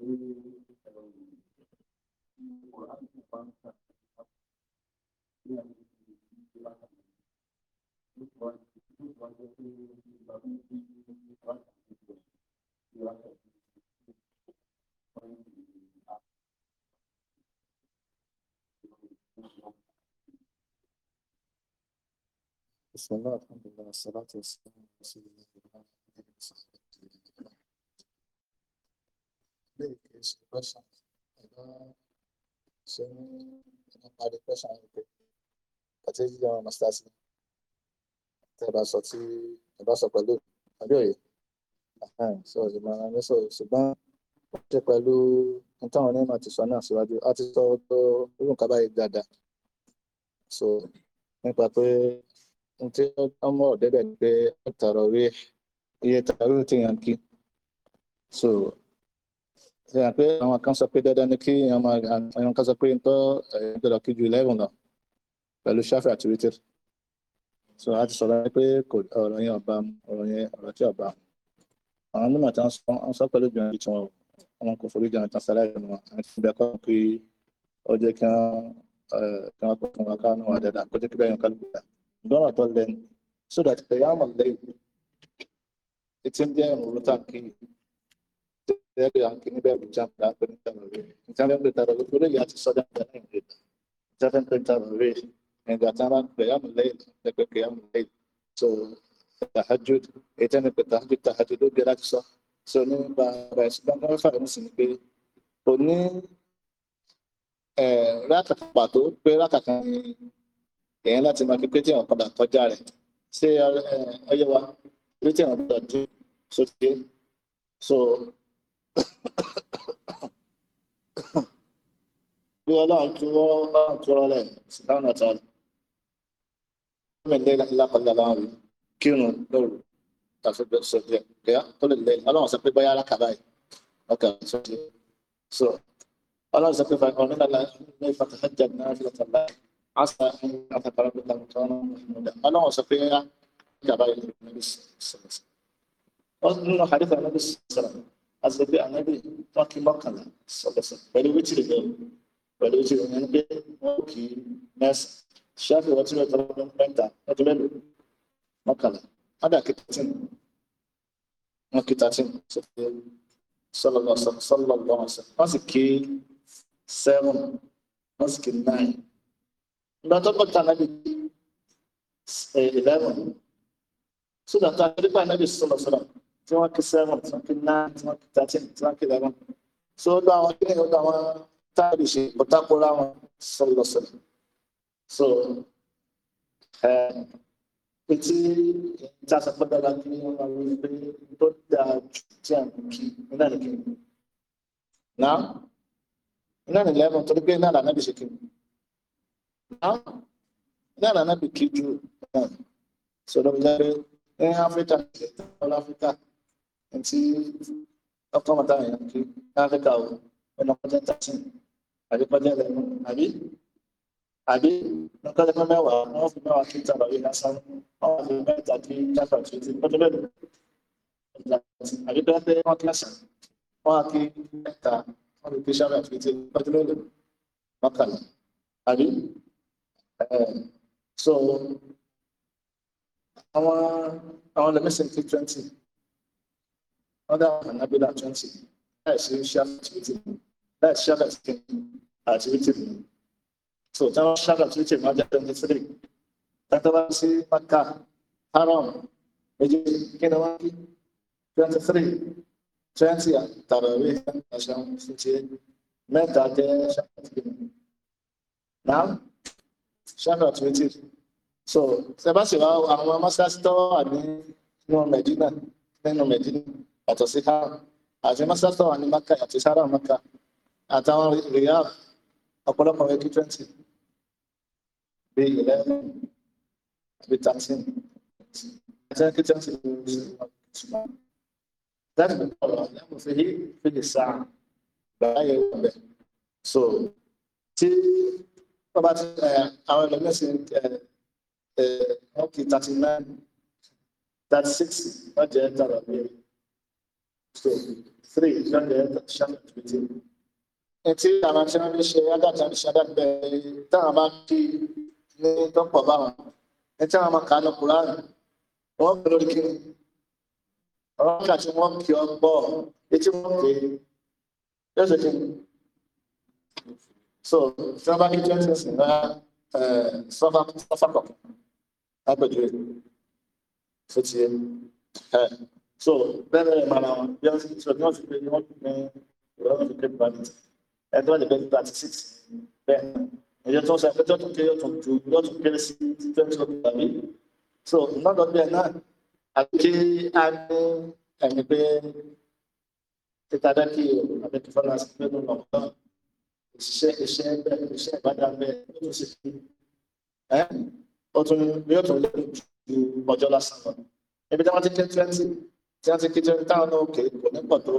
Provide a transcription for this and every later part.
بسم الله الحمد لله والصلاة والسلام على رسول الله وعلى آله وصحبه is the question. So, by the question, okay. That is your master's. Tẹ́ bá sọ tí ẹ bá sọ pẹ̀lú àbí òye. Sọ ìgbà mi sọ ṣùgbọ́n ó jẹ́ pẹ̀lú nítawọn onímọ̀ ti sọ náà síwájú. A ti sọ ọ̀dọ̀ irú nǹkan báyìí dáadáa. So nípa pé n tí ọmọ ọ̀dẹ́bẹ̀ ni pé ó tàrọ̀ rí iye tàrọ̀ ti yàn kí. So ṣe pé àwọn kan sọ pé dandan ni kí àwọn kan sọ pé tó gbọ́dọ̀ kí ju eleven lọ pẹ̀lú ṣáfì àti wítìrì so a ti sọ̀rọ̀ pé ọ̀rọ̀ yẹn ọba ọ̀rọ̀ yẹn ọ̀rọ̀ tí ọba àwọn onímọ̀ tí wọ́n sọ pẹ̀lú ìjọba tí wọ́n wọn kò forí jẹun tán sáláì nù wọn àti bẹ́ẹ̀ kọ́ pé ó jẹ́ kí wọ́n kí wọ́n kó fún wọn káwọn náà dáadáa kó jẹ́ kí bẹ́ẹ̀ yẹn kálukú dá gbọ́n àtọ́ lẹ́nu so that the yam of lẹ́yìn ti ń jẹ́ ìrùn tá kí Tẹ́lẹ̀ àǹkìní bẹ́ẹ̀ bùjá ń dáa pẹ̀lú ìtàn rẹ̀. Ìtàn rẹ̀ ń pè tàbí olórí ìyá ti sọ́jà ń bẹ̀rẹ̀ ìrìn. Ìtàn rẹ̀ ń pè tàbí rẹ̀. Ẹ̀gbà tán máa ń pè yàmù lẹ́yìn, ẹgbẹ́ kẹ̀ yàmù lẹ́yìn. So, tahajjud, ètò ẹni pè tahajjud, tahajjud ló gbé láti So, ni pé kò ní rákàtà ni èèyàn láti máa kékeré tí àwọn padà kọjá rẹ̀. Ṣé ọyẹ wa, ilé So, bí ọlọ́run tí wọ́n bá ń tọrọ lẹ̀ síláwọn àti àlẹ́ mẹ́lẹ́ ilá kọjá láwọn rí kírun lóru tàbí sọ̀tẹ̀ kẹ́yà tó lè lẹ́yìn ọlọ́run sọ pé báyà alákàbá yìí ọkà sọ̀tẹ̀ so ọlọ́run sọ pé báyà ọ̀run nílá ní ìfàtàhẹ́jà náà fi lọ́tà láì àṣà ń àtàkàrà bí làwọn kan ọlọ́run sọ pé báyà alákàbá yìí lọ́tà láì azọgbé anabi fákì mọ́kànlá sọ̀bẹ̀sẹ̀ pẹ̀lú wítìrì bẹ́ẹ̀ pẹ̀lú wítìrì yẹn pé wọ́n kì í mẹ́sì ṣáfì wọ́n ti rẹ̀ tọ́lá mẹ́ta ọdún mẹ́lò Ada ádà kìtàtìn wọn kìtàtìn sọ̀tẹ̀ sọlọ́lọ́ sọlọ́lọ́ wọn sì kí seven wọn sì kí nine ìgbà tó kọ́ tà nábì eleven sódà tá a rí pa tí wọ́n kí seven tí wọ́n kí nine tí wọ́n kí thirteen tí wọ́n kí eleven so ó lọ àwọn kílẹ̀ ó lọ àwọn táàbì ṣe ọ̀tàkùnrin àwọn sọlọsọlọ so eh, pé tí ìtàsán pẹ́ dára kí wọ́n máa wí pé tó dáa jù tí à ń kí iná ní kí náà iná ní eleven torí pé iná làná bí ṣe kí náà iná làná bí kí ju náà so lọ́wọ́ jẹ́ pé ní áfíríkà ṣe tán tí ọkọ̀ mọ̀tà yẹn kí áfíríkà o ọ̀nà kọjá tàṣí àbí kọjá lẹ́nu àbí àbí lọ́kọ́jọ́ fún mẹ́wàá wọ́n fi mẹ́wàá kí tàbí àbí lásán wọ́n wà fi mẹ́ta kí jáfà tó ti kọjá lẹ́nu àbí bẹ́ẹ̀ bẹ́ẹ̀ wọ́n kíláṣà wọ́n wà kí mẹ́ta wọ́n fi kí sábà fi ti kọjá lẹ́nu mọ́kànlá àbí so àwọn àwọn lẹ́mẹ́sẹ̀ kí twenty under Hanabila twenty láìsí ṣáàtìwìtì láìsí ṣáàtìwìtì àtìwìtì so tí wọ́n ṣáàtìwìtì máa jẹ́ twenty three tàbí sí maka haram méjì kí ni wọ́n kí twenty three twenty tàbí àṣà fifty mẹ́ta jẹ́ ṣáàtìwìtì náà ṣáàtìwìtì so ṣe bá sì wá àwọn mọ́sáàsì tó wà ní wọn Mẹ̀dínà nínú Mẹ̀dínà yàtọ̀ sí ká àti mọ́sáfà wà ní maka àti sára maka àtàwọn riyal ọ̀pọ̀lọpọ̀ rẹ̀ kí twenty bí eleven bí thirteen àti kí twenty bí one láti bí ọ̀rọ̀ lẹ́mú fi hí fi lè sáà láàyè ọ̀bẹ so tí wọ́n bá ti àwọn ẹlòmíràn sì wọ́n kì í thirty nine thirty six wọ́n jẹ́ tàbí ọ̀bẹ̀rẹ̀. So three is not the international meeting. Etí àwọn tí wọ́n fi ṣe Adáta ní Ṣadàgbẹ́ táwọn bá kí ní tọ́pọ̀ bá wọn. Etí àwọn ọmọ kàánù Kùránì, wọ́n fi lórí kí ọ̀rọ̀ kà tí wọ́n kí ọ gbọ́ etí wọ́n pè é. Yóò ṣe kí So tí wọ́n bá kí twenty percent náà sọ́fà sọ́fà kọ̀ọ̀kan. Lágbèjì rẹ̀. Fẹ́tí ẹ̀ so bẹ́ẹ̀ bẹ́ẹ̀ mara wọn bí wọ́n ti sọ bí wọ́n ti pè ní wọ́n ti pè ní wọ́n ti pè ní vanity ẹni tó wà lẹ́gbẹ̀ẹ́ thirty six bẹ́ẹ̀ ẹ̀yọ́ tó ń sọ pé tó tún kéré tún ju yóò tún kéré sí twenty one tàbí so lọ́dọ̀ bẹ́ẹ̀ náà àti a ní ẹni pé títa dákì àbí tó fọ́nà sí pé nínú ọ̀gá ìṣiṣẹ́ iṣẹ́ bẹ́ẹ̀ iṣẹ́ ìbádá bẹ́ẹ̀ ó tún ṣe fi ẹ́ ó tún yóò tún lé ju ọjọ́ lásán lọ ibi tí wọ́n ti tí wọ́n ti kí tí táwọn náà kè kò ní pọ̀ tó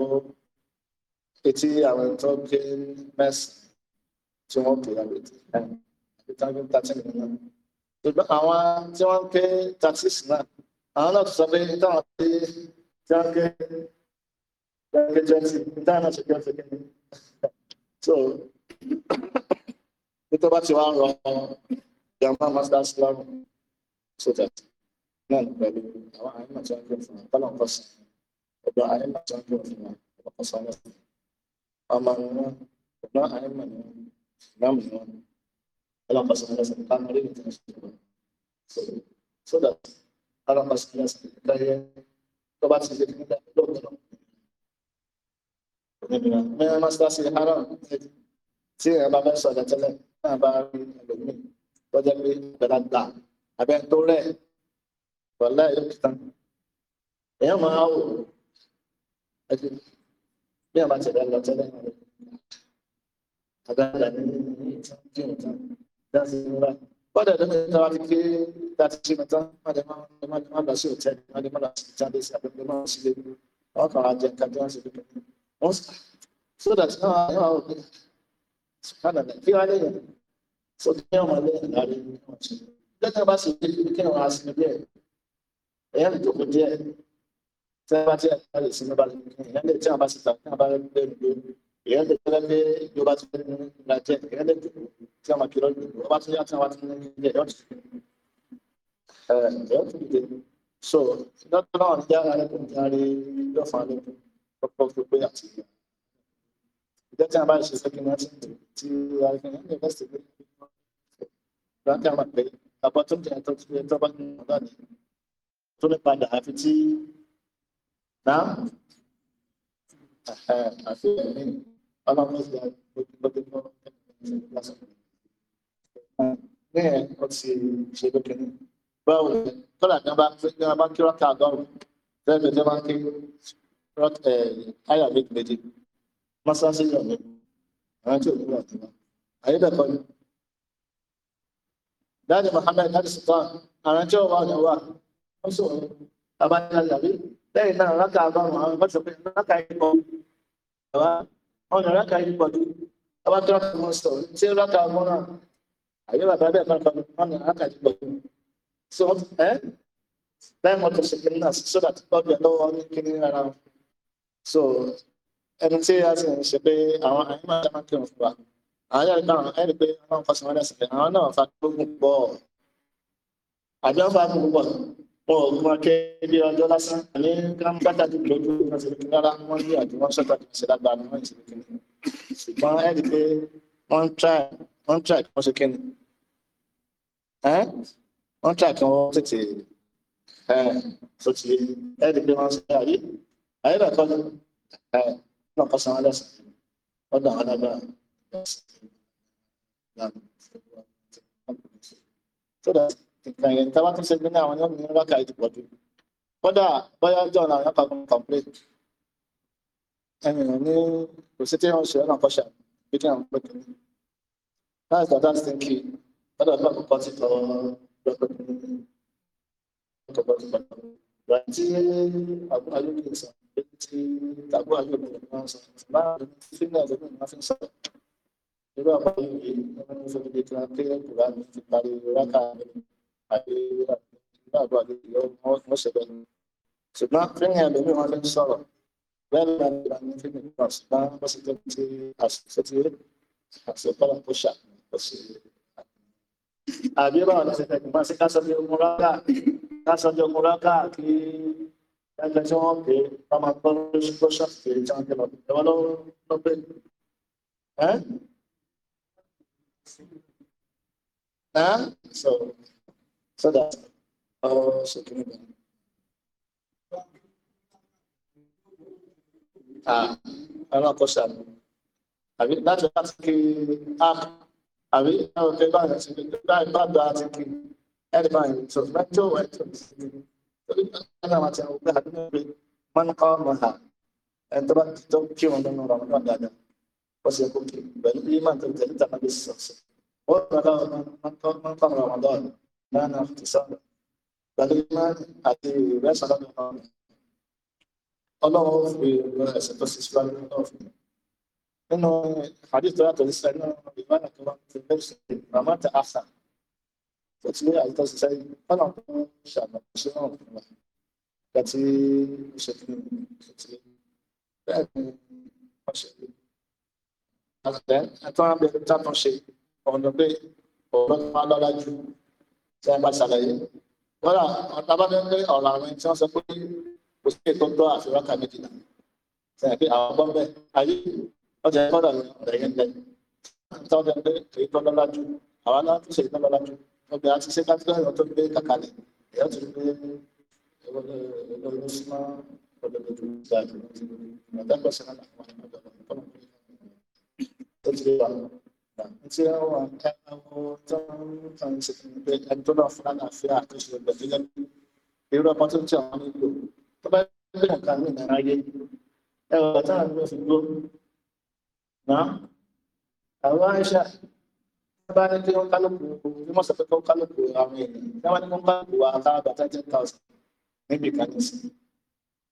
etí àwọn tó gé mẹ́sàn-án tí wọ́n kè àbí táwọn tàtí nìyẹn. ṣùgbọ́n àwọn tí wọ́n ké taxis náà àwọn náà tó sọ pé táwọn tí wọ́n ké ké twenty táwọn náà ṣe ké ọ̀sẹ̀ kéde. so nítorí bá ti wá ń rọ ìyàmá masters lọ́rùn sójà. So náà pẹ̀lú àwọn àyè màtí wọn fún wa kọ́nà kọ́ sí ọ̀dọ̀ àyè màtí wọn fún wa ọkọ̀ sọ́nà sí ọmọ ni wọn ọ̀dọ̀ àyè mà ni wọn ìmáàmù ni wọn ọlọ́kọ̀ sọ́nà sí kánú rí ìtàn sí wọn so that ọlọ́kọ̀ sọ́nà sí káyẹ tó bá ti ṣe kí nígbà tó gbọ́dọ̀ mẹ́rin mọ́sálásí haram tí ẹ̀ bá fẹ́ sọ̀rọ̀ tẹ́lẹ̀ náà bá rí ẹlòmíì lọ́jọ́ pé ìgbàlagbà abẹ́ tó rẹ̀ wàhálà yóò ti tán èèyàn máa wò ẹjẹ bí àwọn àti ẹ̀dá lọ tẹ́lẹ̀ àgbàlagbà ní ìtàn ìtàn dáhùn sí ìmúra bọ́dà tó ń ta wá kéke láti ṣe mẹ́ta máde má lọ sí òtẹ́ẹ̀lì máde má lọ sí ìjáde sí àbẹ̀bẹ̀ má lọ sí ilé wọn kàn á jẹ nǹkan tí wọ́n ṣe lókè wọ́n so that náà àwọn àwọn òkè sùkánà náà kí wọ́n lè yàn so kí wọ́n máa lé ìlànà ìlú wọn ṣe lẹ́tà bá sì lé kí wọ́n á sí ilé ẹ̀ ẹ̀yẹ́ lè jókòó díẹ̀ tí wọ́n bá ti ẹ̀ka lè sinmi balẹ̀ ẹ̀yẹ́ lè tí wọ́n bá ti tà tí wọ́n bá rẹ̀ lé lò ẹ̀yẹ́ lè tẹ́lẹ̀ pé yóò bá ti rẹ̀ nínú ìlà jẹ́ ẹ̀yẹ́ lè jókòó tí wọ́n máa kí lọ́dún ọba tó yá tí wọ́n bá ti rẹ̀ nínú ilé ẹ̀yọ́ tó dìde so dọ́tọ̀ náà ní yàrá rẹ̀ kún járe lọ́fà lẹ́kùn ọ̀pọ̀ gbogbo àti ìyá ìjọ tí a bá ṣe sẹ́kìn náà ti àríkàn ní ẹ̀fẹ́ sí ìgbà tí a máa pè é àbọ̀ tó ń jẹ́ ẹ̀tọ́ tó ní padà àfi tí náà àfi ẹ̀mí ọlọ́mọdé ojúgbọ́dé mọ́ bẹ́ẹ̀ ó ti ṣe lókè ní báwo ni kọ́là ní bá kí ní bá kí rọ́kà àgọ́rùn bẹ́ẹ̀ bẹ́ẹ̀ bá kí rọ́kà táyà méjì méjì mọ́sáàsì yọ̀ mí àwọn tí ò ní wà ní wọn àyédèkọ́ ni. dáàdi Muhammad dáàdi Sultan àwọn tí ò wà ní wà wọ́n sọ̀rọ̀ abájáde àbí lẹ́yìn náà rákà àbáwọn àwọn ọmọ sọ pé rákà ìpọ̀ ẹ̀wá ọ̀nà rákà ìpọ̀ tó ẹwà tó rákà wọn sọ̀rọ̀ tí rákà wọn náà so ẹ́ lẹ́yìn wọn tó ṣe kí so that ọ̀bẹ lọ́wọ́ ní kíní so ẹni tí a sì ń ṣe pé àwọn àyè máa dáná kírun fún wa àwọn yàrá ìgbà wọn ẹni pé wọn kọ sí wọn lẹ́sìn àjọ fa gbógun ọ̀gbọ́n akẹ́bí ọjọ́ lásán ní on lójú ìrìnàṣẹ́lẹ̀kì la wọ́n ní àjò wọ́n sọ́tàdì la ní wọ́n ìṣẹ̀lẹ̀kì ṣùgbọ́n on pé on on wọ́n try kí wọ́n on kíni on try kí c'est tètè tó ti ẹ̀rì pé wọ́n ṣe àyè àyè náà on a on so that's ìkànnì tá a bá tún ṣe gbéná àwọn yóò ní rákà yìí ti pọ̀ jù kódà bóyá jọ ọ̀nà àwọn kan kọ̀m̀pléè ẹnì ní kò sí tí wọ́n ṣe ọ̀nà kọ́ṣà bí kí àwọn pẹ̀lú láti dàda stinky kódà tó àkọ́kọ́ ti tọ́ lọ́pẹ́ ọkọ̀ bọ̀ tí àbúrò ayélujára sọ pé tí àbúrò ayélujára máa ń sọ láàrin fílẹ̀ lórí ìmọ̀ fi ń sọ irú àbúrò ayélujára ní wọ́n fẹ́ fi lè kí wọ́n pé kùrá mi ti ṣùgbọ́n fíìmù ẹlòmíì wọn fi ń sọ̀rọ̀ bẹ́ẹ̀ ló ń bá ní fíìmù náà ṣùgbọ́n wọ́n sì tó ti àṣìṣe ti àṣìṣọ́lá tó ṣàkóso sí i. àbí báwọn ní ṣẹ̀fẹ̀ kìí máa ṣe kásọ̀dé ogun rákà kásọ̀dé ogun rákà kí ẹgbẹ́ tí wọ́n pè é wọ́n máa gbọ́ lóṣù pé jáde lọ ẹ̀wọ́n ló ló pè é. ẹ́ ẹ́ so. So that's uh, second one. àwọn akọ́ṣà mi àbí láti láti kí app àbí ọ̀kẹ́ báyìí ti fi báyìí bá gba àti kí ẹ̀rí báyìí sọ mẹ́jọ ẹ̀tọ́ ti fi torí báyìí àwọn àti àwọn òbí àbí náà pé wọ́n ń kọ́ ọmọ ha ẹni tó bá ti tó kí wọn lọ́nà ọ̀rọ̀ náà dáadáa wọ́n sì kó kí pẹ̀lú bí màá tó tẹ̀lé tàbí sọ̀sọ̀ wọ́n ń kọ́ ọmọ ọmọ ọmọ ọmọ ọmọ ọmọ lánàá ti sábà gbàdúrà àti ìrẹsà lọ́dọ̀ ọ̀rọ̀ ọlọ́run fi ọ̀rọ̀ ẹ̀sìn tó sì síwájú náà fún nínú hadith tó yàtọ̀ sísẹ náà ìbára tó wà ní bẹ́ẹ̀sì màmá ta àṣà tó ti lé àyíká sísẹ ọ̀nà tó ń ṣàbàkóso náà fún wa àti ìṣètò ìṣètò bẹ́ẹ̀ ni wọ́n ṣe lè àtẹ̀ ẹ̀tọ́ àbẹ̀ tàtúnṣe ọ̀nà pé ọ̀rọ̀ máa lọ́la ju tí a bá ṣàlàyé lọ́la ọ̀tàbádẹ́gbẹ́ ọ̀rọ̀ àwọn tí wọ́n sọ pé kò sí ètò tó àfirákà méjì náà sẹ́yìn pé àwọn ọgbọ́n bẹ́ẹ̀ ayé ọjà ẹ̀kọ́ dà ní ọ̀rẹ́ yẹn lẹ́yìn tọ́jà pé èyí tó lọ́la jù àwa náà tún ṣe èyí tó lọ́la jù ọgbẹ́ àti ṣe kátíkọ́ ẹ̀rọ tó gbé kàkàlẹ̀ ẹ̀yọ́ ti gbé olóṣùmọ́ olódodo ìgbà àjò ọ̀tẹ́kọ̀ọ́sẹ̀ náà tí ó wà ní àwọn tó ń kàn sí pé ẹni tó náà fún àlàáfíà tó ṣe gbẹ̀dẹ̀ lẹ́nu irú ọmọ tó ń tí àwọn nílò tó bá gbé nǹkan ní ìdára ayé ẹ wọ táwọn ló fi gbó náà àwọn àìsà bá ní kí wọ́n kálùkù bí wọ́n sọ pé kálùkù àwọn èèyàn tí wọ́n ní kí kálùkù wa ká bàtà ten thousand níbi kan sí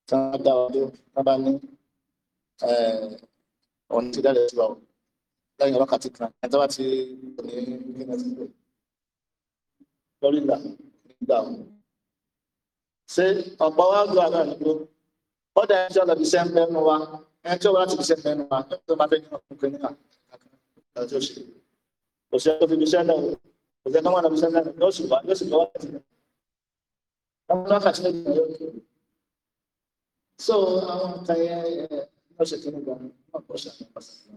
tí wọ́n dá wa dé bá ní ọ̀nà tí dáre sí wa wọ̀ lẹ́yìn wákàtí kan ẹ̀tọ́ bá ti kò ní kíni ẹ̀sìn pé lórí ìgbà ìgbà o. ṣé ọ̀pọ̀ wa gbọ́ àgbà nígbó ó dá ẹjọ́ lọ ibiṣẹ́ ń bẹ́ nu wa ẹjọ́ wa láti ibiṣẹ́ ń bẹ́ nu wa tó máa fẹ́ kí wọ́n kún níwà ẹjọ́ ṣe. kò sí ẹjọ́ fi ibiṣẹ́ náà kò sí ẹjọ́ wọn lọ ibiṣẹ́ náà yóò sì wá yóò sì lọ́wọ́ láti bẹ̀. ọmọ náà kà sí ẹjọ́ yóò kí. so àwọn kan yẹn ẹ ẹ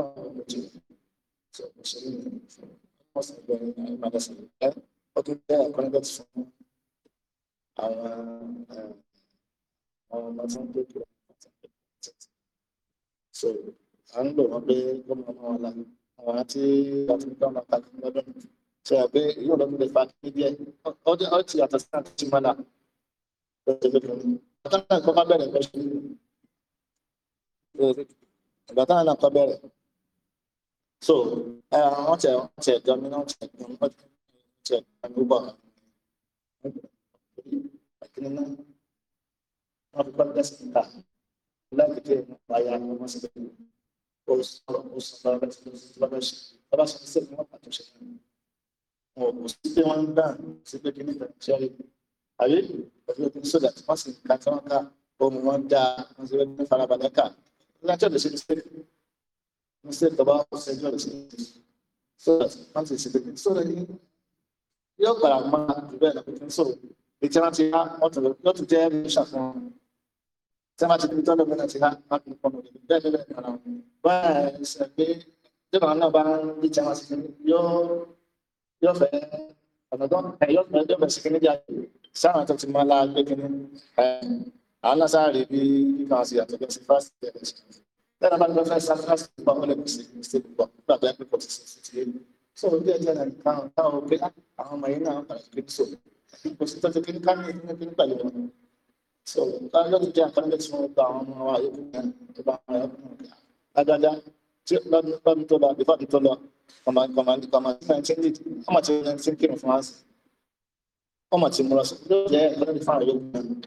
ó tún jẹ́ so à ń lò wọ́n pé kó máa mọ́ wọn la àwọn tí wọ́n ti gbọ́ máa tàbí lọ́dún tí wọ́n pé yóò lọ́dún lè fa kí díẹ̀ ó ti yàtọ̀ sí àti ti máa là lọ́dún lè fún un. àtàwọn nǹkan bá bẹ̀rẹ̀ lọ́sùn ìgbà táwọn bẹ̀rẹ̀ so wọ́n tẹ̀ wọ́n tẹ̀ gan mi náà tẹ̀ gan wọ́n tẹ̀ gan mi ó bà kíni náà wọ́n fi pẹ́ẹ́lí ẹ̀sìn ká lágbègbè nípa ayé àwọn ọmọ síbẹ̀ ó sọ̀rọ̀ ó sọ̀rọ̀ bá ti lọ bá ṣe bá bá ṣe ní sẹ́yìn wọn pàtó ṣe wọn kò sí pé wọ́n ń dà sí pé kíní kan ṣe rí àyè pẹ̀lú ogun sódà tí wọ́n sì ń ka tí wọ́n ká ohun wọn dáa wọ́n sì rẹ́ ní farabalẹ̀ ká lájọ́ lè ṣe ní sẹ́yìn instead of our sexual experience. So that wọ́n ti so that yóò gbàrà máa jù bẹ́ẹ̀ lọ pé so ètí wọn ha há yóò tún jẹ́ mission fún wọn. Tí wọ́n ti fi tọ́lọ̀ mẹ́ta ti há láti pọ̀ mọ́ ìlú bẹ́ẹ̀ bẹ́ẹ̀ bẹ́ẹ̀ náà. Báyìí ṣe pé nígbà náà bá ń bí tí wọ́n ti fi yóò fẹ́ ọ̀nà tó ẹ̀ yóò fẹ́ yóò fẹ́ sí kíní jáde sáwọn tó ti máa la gbé kíní. Àwọn náà sáré bí kíkan àti àtọ̀gbẹ́sí fásitì ẹ̀ Then I'm going to start Bangladesh mistake Bangladesh process. So dia jalan kau kau beli apa main apa kripto. Mesti terjadi kan ini mungkin tadi. So kalau dia akan lihat semua tahun itu kan kebanggaan. Ada ada dan dan lah di fat lah kemarin kemarin kemarin saya sendiri amat saya sendiri informasi. Amat sih mulai dia berarti faham.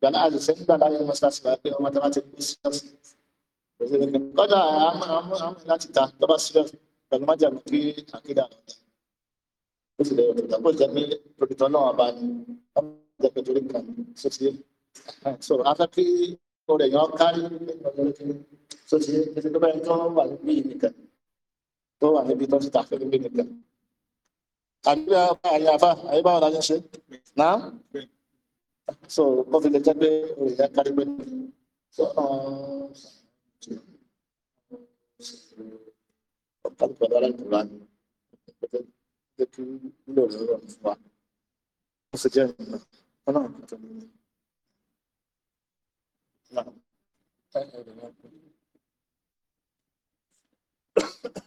Dan ada sendiri ada yang masalah sebagai matematik bisnis kọ́dà àmọ́ láti ta tọ́ba sílẹ̀ pẹ̀lú májà mi kí àkédà àwọn ọ̀tá ó sì lẹ́yìn ọ̀tá pọ̀ jẹ́ pé pòtítọ́ náà bá ní wọ́n jẹ́ pé torí kan só ti so afẹ́ kí ọ̀rẹ́ yẹn kárí só ti ẹsẹ̀ tó báyìí tó wà níbí nìkan tó wà níbí tó ti ta fẹ́ níbí nìkan. àdúrà àyè àfà àyè báwo la yẹn ṣe náà so kọ́fì lè jẹ́ pé ọ̀rẹ́ yẹn kárí pé so. Um, kálukú aláǹkó rà itu jẹ́ kí wúlò sejak rọrùn kita. Thank you.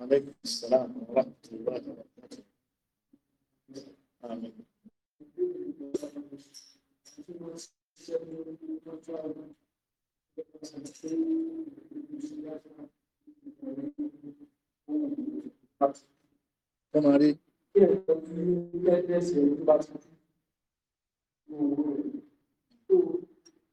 عليكم السلام ورحمة الله وبركاته آمين हमारी तो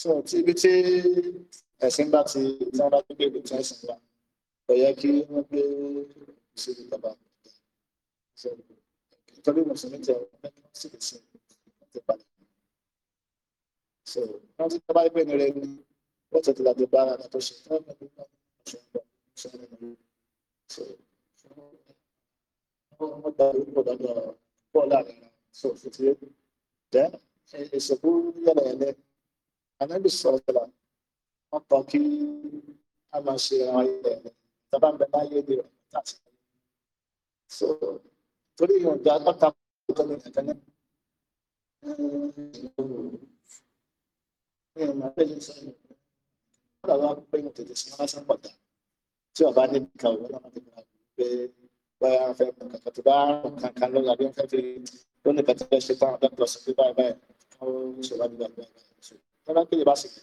so tí ibi tí ẹ̀sìn bá ti tí wọ́n bá gbé ibi tí ẹ̀sìn wà kò yẹ kí wọ́n gbé ìṣèlú So, ìtọ́jú mùsùlùmí tẹ̀ ọ́ sí lè ṣe àti balẹ̀. so wọ́n ti tọ́ba ìpè ní rẹ ni wọ́n tètè láti bá ara tó ṣe fún ọ̀gbìn nígbà tó ṣe ń bọ̀ ṣe ń bọ̀ so wọ́n gba ìrúkọ̀ lọ́dọ̀ pọ̀ láàrin so fìtìyẹ́ dẹ́n ìṣèlú yẹlẹ yẹlẹ anábì sọ̀rọ̀ wọn kàn kí a máa ṣe àwọn ilẹ̀ ìjọba ń bẹ láyé ní rẹ̀ láti so torí ìyọ̀nda ọ̀tá tó ní ẹ̀ka náà ìyọ̀nda ọ̀tá tó ní ọ̀dà wa pé mo tètè sinmi lásán pàtà tí ọba níbi kan òun náà ti gbà pé báyà fẹ́ kankan tó bá kankan lọ́la bí wọ́n fẹ́ fi lónìí kan tó fẹ́ ṣe fáwọn dọ́kítọ̀ pé báyìí báyìí ṣe wá gbígbà gbígbà tó bá kéde bá sì kí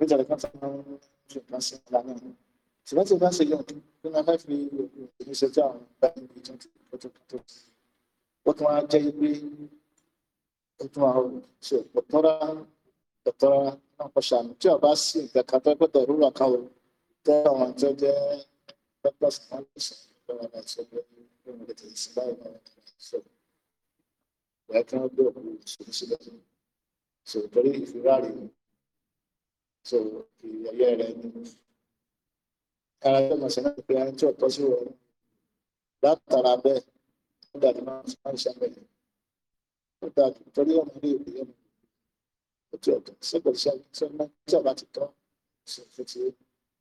níta lẹ́kàn tó máa ń ṣe nǹkan sí ìlà náà ṣùgbọ́n tí o bá ṣe yọ̀ tó máa fẹ́ fi òkú ṣe tí àwọn bá ń gbé tuntun tó tó tó ó tún wá jẹ́ pé ó tún wá ṣe ọ̀pọ̀tọ́ra ọ̀pọ̀tọ́ra náà kọ́ ṣàmì tí o bá sì nǹkan kan tó so torí ìfiráàrí ni so ìyẹyẹ rẹ ni ara tó mọ̀ sí náà pé ẹni tí ò tọ́ sí wọn látara bẹ́ẹ̀ ó dàbí máa ń sọ ìṣàbẹ̀ ó dàbí torí ọmọ ilé ìwé yẹn ó ti ọ̀tọ̀ sípò iṣẹ́ tí ó máa ń tí ọba ti tọ́ sí ti ti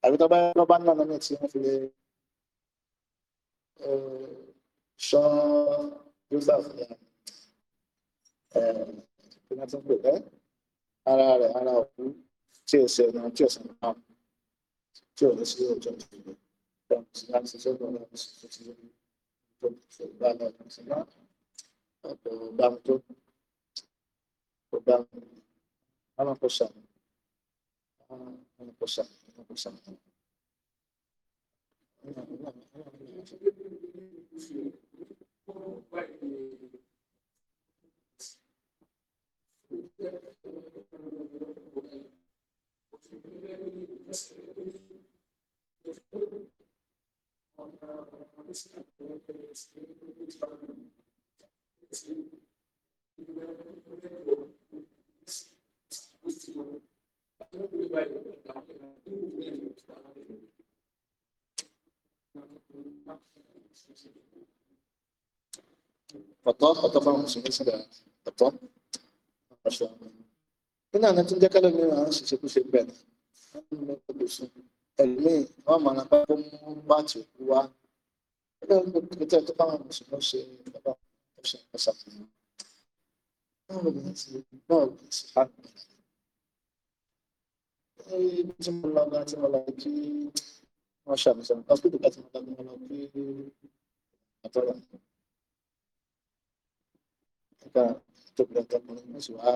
àbí tó bá yọ bá náà lọ́nà tí wọ́n fi lè ṣọ́ Joseph ẹ̀ ẹ̀ kí wọ́n ti ń pè bẹ́ẹ̀. 阿拉嘞，阿拉五建设呢，建设啊，候就是六中区，当时当时是中央，中央中央中央中央，啊，中央中，中央中央，阿拉昆山，啊，昆山，a 山，那那那，喂。حطها حطها فعلا 500 سنة حطها 10 nínú àná tó ń jẹ́ kẹ́lẹ́ mi máa ń ṣiṣẹ́ kúṣe bẹ́ẹ̀ ni wọ́n ń lọ sùn ẹlòmíì wọ́n máa ń bá tó mú báàtì òkú wá ẹgbẹ́ òkúta tó bá wọn mùsùlùmí ṣe bàbá tó ṣe ń pèsè àfihàn báwo ni ti náà kì í sí àgbà ní tí mo lọ gan tí mo lọ kí wọ́n ṣàbẹ̀sẹ̀ hospital kan tí mo lọ gan mo lọ kí àtọ́lá nípa tóbi lọ́tọ́ kan ní oṣù wa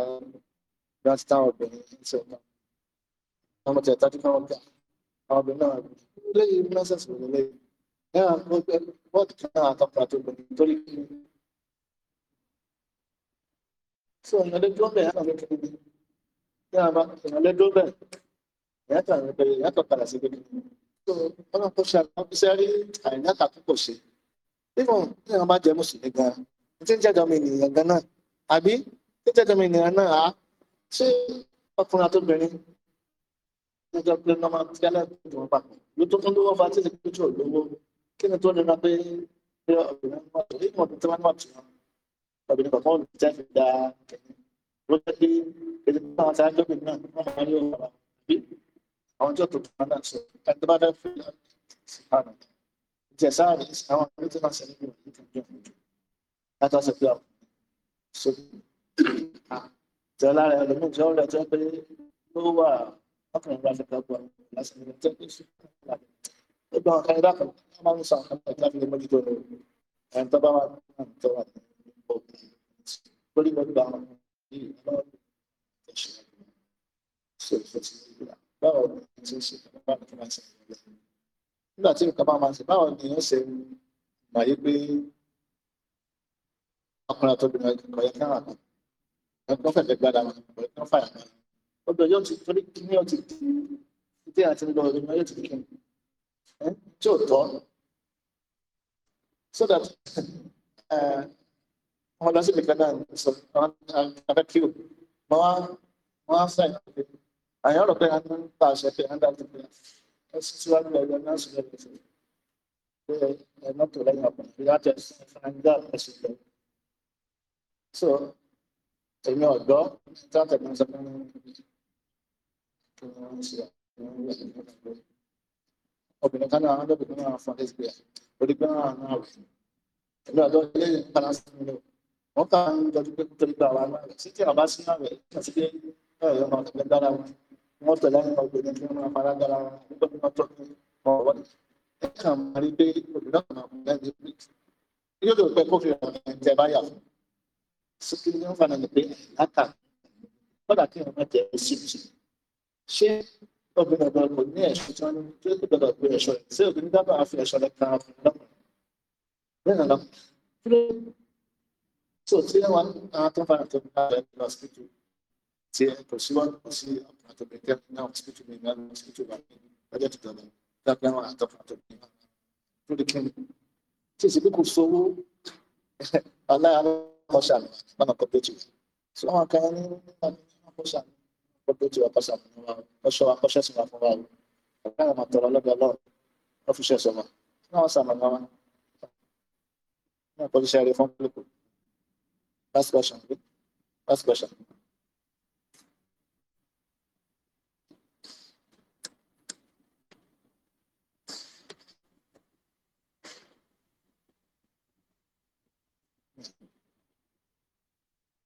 láti táwọn obìnrin ń sọ náà àwọn ọmọ tẹ̀tà dúpọ̀ wọn gbà àwọn obìnrin náà lẹ́yìn nọ́sẹ̀sì wọn lẹ́yìn náà wọ́n pẹ́ wọ́n ti kàn án àtọ́kùn àti obìnrin torí kí ni. sọ ìyànlẹ́dúró bẹ́ẹ̀ yàtọ̀ ló kéde yàrá bá ìyànlẹ́dúró bẹ́ẹ̀ yàtọ̀ àwọn obìnrin yàtọ̀ padà sí kéde. sọ wọn kò ṣe àwọn iṣẹ́ rí àìyáta púpọ̀ ṣe nígbà tí wọn bá jẹ mùsùlùmí ṣé ọkùnrin àtòbìnrin níjọ pé ọmọ tíálẹ̀ tó wọ́n papọ̀ ló tó fún lówó fatí ìlú tó lówó kí ni tó nira pé pé ọbìnrin wọn tó ìmọ̀ tó wọn wà tó wọn ọbìnrin kọ̀ọ̀kan olùdí jẹ́ fi da ló jẹ́ pé èdè tó àwọn sáájú ọbìnrin náà wọ́n máa ní ọ̀rọ̀ àbí àwọn tí ó tó tó wọn náà sọ ẹni tó bá fẹ́ fi ṣàánú ìjẹ́ sáàrì àwọn ọmọ tó máa ṣẹlẹ̀ ní ìjọ ìjọ ìjọ tí ọlá rẹ lómi tí ọ̀rẹ́ tí ó pé ló wà ọkùnrin bá fi kẹ́kọ̀ọ́ lásìkò tí ó pé sí ó gbọ́n ọ̀kan ẹ̀dá kan tó máa ń sọ àwọn ọ̀kan ẹ̀dá fi lè mójútó ẹni tó bá wà náà tó wà ní ọ̀gbìn lórí lórí bá wọn ní ìlú ẹ̀ṣẹ̀ ṣe ìfẹ́ sí ìgbà báwo ni ẹ̀ ti ń ṣe báwo ni ẹ̀ ti máa ń ṣe nígbà tí nǹkan bá máa ń ṣe báwo ni ẹ̀ ṣe mà yí pé ọkùnrin àtọ́bìnrin ọkọ̀ yẹn kẹ́ràn kan ẹgbọn fẹsẹ gbára wọn ẹgbọn fàyà wọn ọdọ yóò ti torí kíní ọtí ìdí àti ńlọ ọdún so that wọn lọ sí ìgbẹ́ náà sọ wọn abẹ́ kí o wọn wá wọn á sáyẹn pé àyàn ọ̀rọ̀ pé a ń pa àṣẹ pé a ń dájú so èmi ọ̀dọ́ tíátà kan sọ fún obìnrin kan náà lọ́bìnrin náà fún ẹgbẹ́ orígbẹ́ náà náà rẹ̀ èmi ọ̀dọ́ ilé ìpàdà sí mi lọ wọ́n kà ń jọjú pé kútorí gba wa náà sí tí àbá sínú rẹ̀ àti pé ẹ̀rọ ọmọ ọ̀gbẹ́ dára wọn wọ́n tẹ̀lé àwọn obìnrin tí wọ́n máa fara dára wọn nígbà tí wọ́n tọ́jú wọn wọ́n ẹ̀ kàn máa rí pé obìnrin náà máa kú lẹ́yìn yóò tó pẹ́ kófì ọ̀gbìn tẹ báyà fún síkí ní wọn fana ní pé àtà kódà kí wọn má jẹ ẹsẹ jù ṣé obìnrin ọba kò ní ẹ̀ṣọ́ tí wọn ní tí ó gbọ́dọ̀ gbé ẹ̀ṣọ́ rẹ̀ ṣé obìnrin dábàá fi ẹ̀ṣọ́ rẹ̀ kan fún lọkùnrin bẹ́ẹ̀ lọ kí ló tó tí wọn àwọn tó fara tó ń bá ẹ lọ síkítù tí ẹ kò sí wọn kò sí ọkùnrin àtọbẹ tẹ náà síkítù mi náà síkítù wà ní ọjọ́ tó dọdọ dábàá àwọn àtọkùnrin àtọbẹ náà lórí kí ni tí ìsìnkú kò sówó aláàárọ̀ kọ́ ṣàmì lọ́nà kọ́ péjì tí wọ́n kan ní wọ́n kọ́ ṣàmì kọ́ péjì wọ́n kọ́ ṣàmì wọn wọ́n ṣọ́ akọ́ṣẹ́ sí wọn fún wa o ọ̀gá àwọn àtọ̀rọ̀ ọlọ́gbà lọ́rùn wọ́n fi ṣe ẹ̀sọ́ wọn ní àwọn ṣàmì wọn wọn kọ́ ṣiṣẹ́ rẹ̀ fún pílíkù last question last question.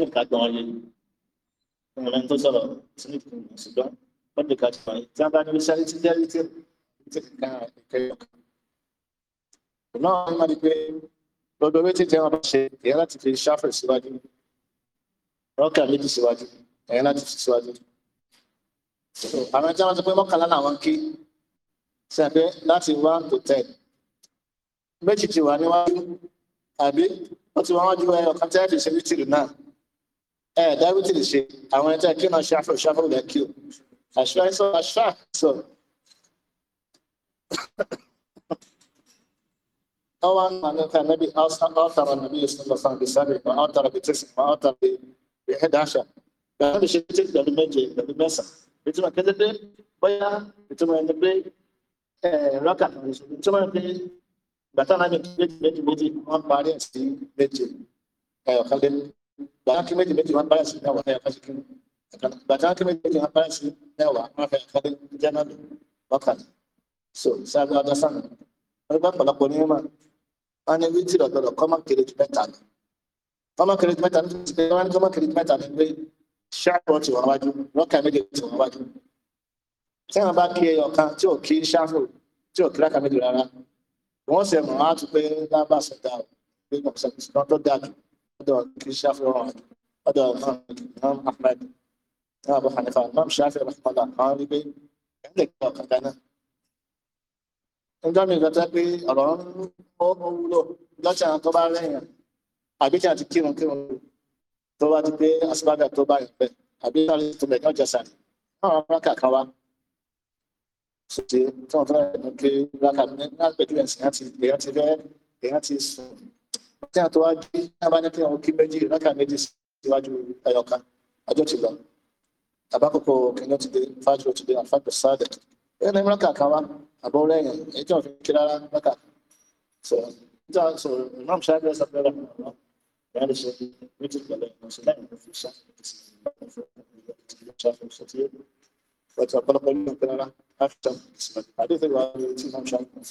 wọ́n ká gbọ́n yé ọmọ náà tó sọ̀rọ̀ tí ní kò mọ̀ ṣùgbọ́n wọ́n lè ká gbọ́n yé tí wọ́n bá ní wíṣẹ́ tí jẹ́ tí tí kà kẹ́kẹ́ yọ̀ọ̀kan. náà wọ́n máa di pé lọ́dọ̀ wé tí tí wọ́n bá ṣe ìyá láti fi ṣáfẹ̀ síwájú rọ́kà méjì síwájú ẹ̀yẹ́ láti fi síwájú. àwọn tí wọ́n ti pé mọ́kànlá làwọn kí sẹ́pẹ́ láti one to ten méjì ti wà níwájú àbí wọ́n ti wá wájú ẹyọ kan tẹ́ẹ̀fì ṣe ní náà ẹ dáwítì lè ṣe àwọn ẹni tí a kí máa ṣe afro ṣáfọ lẹ kí o àṣà sọ àṣà sọ. طبعا معناتها النبي اثر النبي صلى الله عليه وسلم بسبع واثر بتسع واثر ب 11 بعد شيء تبدا بالمجي بالمسح بتما كده bóyá ìtumọ̀ ẹni pé rọ́kà ìtumọ̀ ẹni pé bàtà náà mi méjì méjì méjì wọ́n parí ẹ̀ sí méje ẹ̀yọ̀kan lé gbàtà kí méjì méjì wọn bára sí náà wà fẹ́ àkáṣe kí gbàtà kí méjì méjì wọn bára sí náà wà wọn fẹ́ wákàtí so ṣáájú ọjọ́ sáà wọn bá pọ̀lọpọ̀ ní mímọ́ wọn ní wí tìrọ̀ gbọdọ̀ kọ́mọ kéré ju mẹ́ta lọ kọ́mọ kéré ju mẹ́ta lọ ti pé wọn ní kọ́mọ kéré ju mẹ́ta lọ pé ṣáàpọ̀ ti wọn wájú rọ́kà méjì ti wọn wájú tí wọn bá kí ẹyọ kan tí ò kí ṣáàpù tí ò kí rákà méjì rárá wọn sì mọ̀ wọn á lábàṣẹ dáa pé هذول الشافعي واحد هذول الإمام أحمد أبو حنيفة الإمام الشافعي رحمه الله غالبي عندك وقت أنا nígbà míì gbọ́dọ̀ pé ọ̀rọ̀ ń wúlò lọ́sẹ̀ àwọn tó bá rẹ̀yìn àbí kí àti kírun kírun tó bá ti pé àsìbábà tó bá yẹn pẹ́ àbí sáré tó bẹ̀ náà jẹ̀sà ní àwọn aráàkà kan wá ṣèṣe tí wọ́n fẹ́ràn ní pé ráàkà ní láti pẹ̀lú ẹ̀sìn láti èèyàn ti fẹ́ èèyàn ti sùn tí a tó wá jí tí a bá ní kí wọn kí méjì rákà méjì síwájú ẹyọkà ọjọ́ ti lọ tàbákòkò kìnìún ti dé fájúrò ti dé àfáàgbè sáàdẹ ẹni ní rákà kan wá àbọ̀ rẹ̀ yẹn èyí tí wọn fi kí rárá rákà sọ níta sọ imam ṣáájú ẹsẹ pé rẹ ìyá lè ṣe méjì pẹ̀lẹ́ ìrìnàṣẹ láì ní fi ṣáà ọtí ọ̀pọ̀lọpọ̀ ní ọpẹ rárá after ìsìnkú àdéhùn ìwà ẹni tí imam ṣáájú ẹsẹ.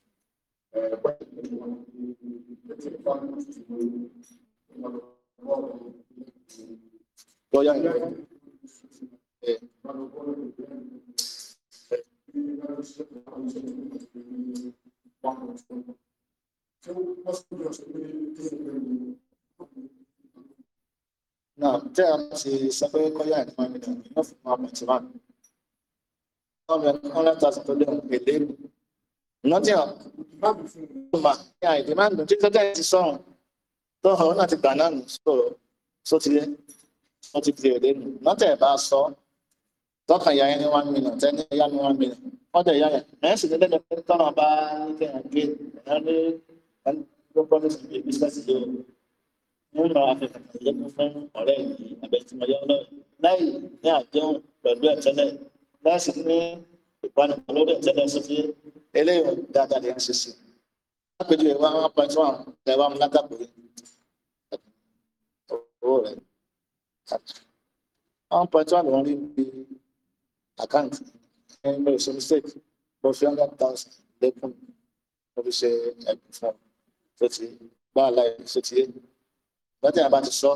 Voy a... Eh. Naam, tí a ṣe sọ pé kọ́yà ì d í w ọ ́ mi náà yóò fún wa pẹ̀tì wá. Ọ̀rẹ́ ọ̀rẹ́ ta sì t m lé òun pèlè. n ọ ́ t ì r á babu fi ma ní àìdè máa ń dùn tí tọ́jà ti sọ̀rọ̀ tọ́hàn náà ti gbà náà nù sọ̀rọ̀ sótìlẹ̀ wọ́n ti bèrè lẹ́nu one million tẹ́ni ni one million wọ́n dẹ̀ ya yẹn mẹ́rin sì lẹ́lẹ́ pé tọ́nà bá ní kẹ́hìn gbé ẹni ẹni ló gbọ́ nítorí pé business yìí o ní ó yọ afẹ́fẹ́ ìyẹ́kùn fún ọ̀rẹ́ yìí abẹ́tìmọ̀ yọ lọ láì ní àdéhùn pẹ̀lú ẹ̀tẹ́lẹ̀ láì sì ní ìpanupọ̀ lórí ẹ̀tẹ́lẹ̀ sókè eléyìí dáadáa lè ń ṣe sí lápẹjù ìwà one point one lẹwà mú látàkùn owó rẹ one point one ló ń rí bí àkáǹtì ẹni mi ò ṣe mistake mo fi hundred thousand lẹ́kùn mo fi ṣe ẹ̀bùn fún ọ tó ti gbá àlàyé tó ti yé lọ́tẹ̀ àbá ti sọ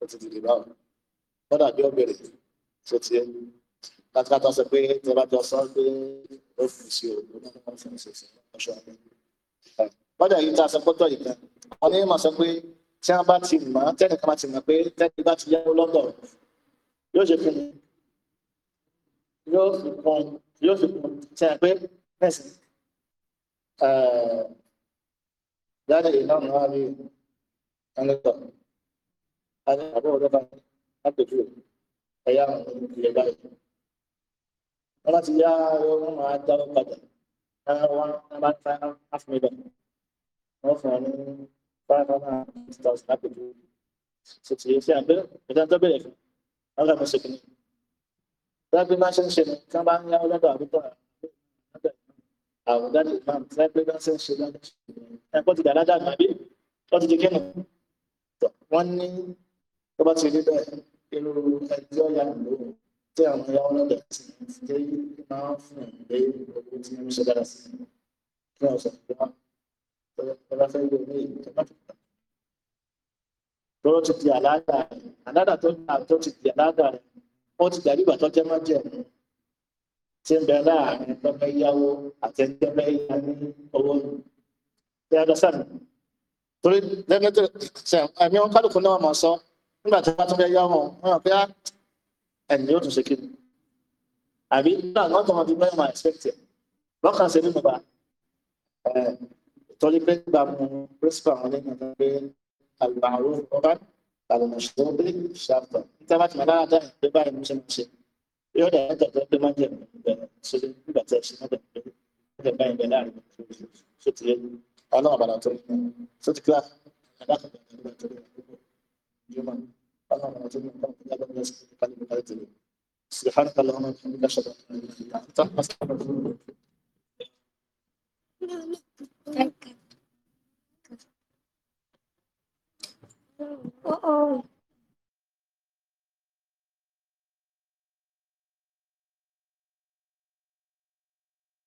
ó ti dìde báwọn lọ́dà bí ó bẹ̀rẹ̀ tó ti yé láti ká tó sọ pé tí ẹ bá jọ sọ pé ó fi sí òògùn náà wọ́n fi ń ṣe sí ọṣọ ọdún. bọ́dà yìí tá a sọ pọ́tọ̀ yìí kan àwọn onímọ̀ máa sọ pé tí wọ́n bá ti mọ̀ tẹ́nìkan bá ti mọ̀ pé tẹ́nì bá ti yáwó lọ́dọ̀ yóò ṣe fún mi yóò fi kún yóò fi kún tí wọ́n pé mẹ́sìn jáde ìlànà wa rí ẹnìkan àti àbúrò lọ́ba lápẹ̀jú ẹ̀yà ìyẹ̀bá yìí wọ́n ti yá wọ́n máa dáwọ́ padà wọ́n bá ta half million wọ́n fún ọ ní five hundred and fifty thousand lápẹ̀jù ṣètì ṣe àbẹ̀rẹ̀ ìdájọ́ bẹ̀rẹ̀ fún wọn kà mọ́ ṣe kìnnìkan lábẹ́ máa ṣe ń ṣe ní kí wọ́n bá ń yá ọlọ́dọ̀ àbúkọ́ àwọn dáàbò máa ń fẹ́ pé bá ṣe ń ṣe lọ́dọ̀ ẹ̀kọ́ ti dàda dàgbà bí wọ́n ti di kí nù ní tó bá ti rí bẹ́ẹ̀ irú ẹjọ́ yà lóhùn tí àwọn ìyá ọlọ́dọ̀ ti jẹ́ máa ń fún ìgbé owó tí wọ́n ń ṣe dára sí fún ọ̀sẹ̀ tó wá ọlá fẹ́ gbé ní ìlú tó bá ti gbà. lọ́wọ́ ti di àládà rẹ̀ àládà tó gbà tó ti di àládà rẹ̀ wọ́n ti dàbí ìgbà tó jẹ́ má jẹ́ tí ń bẹ láàrin pẹ́pẹ́ yáwó àti ẹgbẹ́ pẹ́ yá ní owó ní ọjọ́ sẹ́nu. torí lẹ́gbẹ́tẹ̀ sẹ́n nígbà tí wọ́n bá tún wọn wọn ẹni yóò tún ṣe kí ni àbí náà wọ́n tọ́mọ ti mẹ́rin máa expect ẹ̀ lọ́kàn ṣe nínú bá ìtọ́jú pé gbà mú principal wọn lẹ́yìn ọ̀gá pé àlùbàrò ọba àlùmọ̀ ṣùgbọ́n bí ṣàpọ̀ níta bá ti máa dára dára pé báyìí mo ṣe mo ṣe yóò dà ẹ́ta tó pé máa ń jẹ ìbẹ̀rẹ̀ ṣe nígbà tí ẹ ṣe náà bẹ̀rẹ̀ pé báyìí bẹ̀rẹ̀ láàrin ṣe ti yẹ ọlọ́run àbàlà tó ṣe ti kíláàsì ẹ̀dá kan bẹ̀rẹ̀ nígbà tó bẹ̀rẹ̀ اللهم اجعلنا من فضلك يا رب يشكر قلبك على الجميع سبحانك اللهم وبحمدك اشهد ان لا اله الا انت استغفرك واتوب اليك Oh, oh.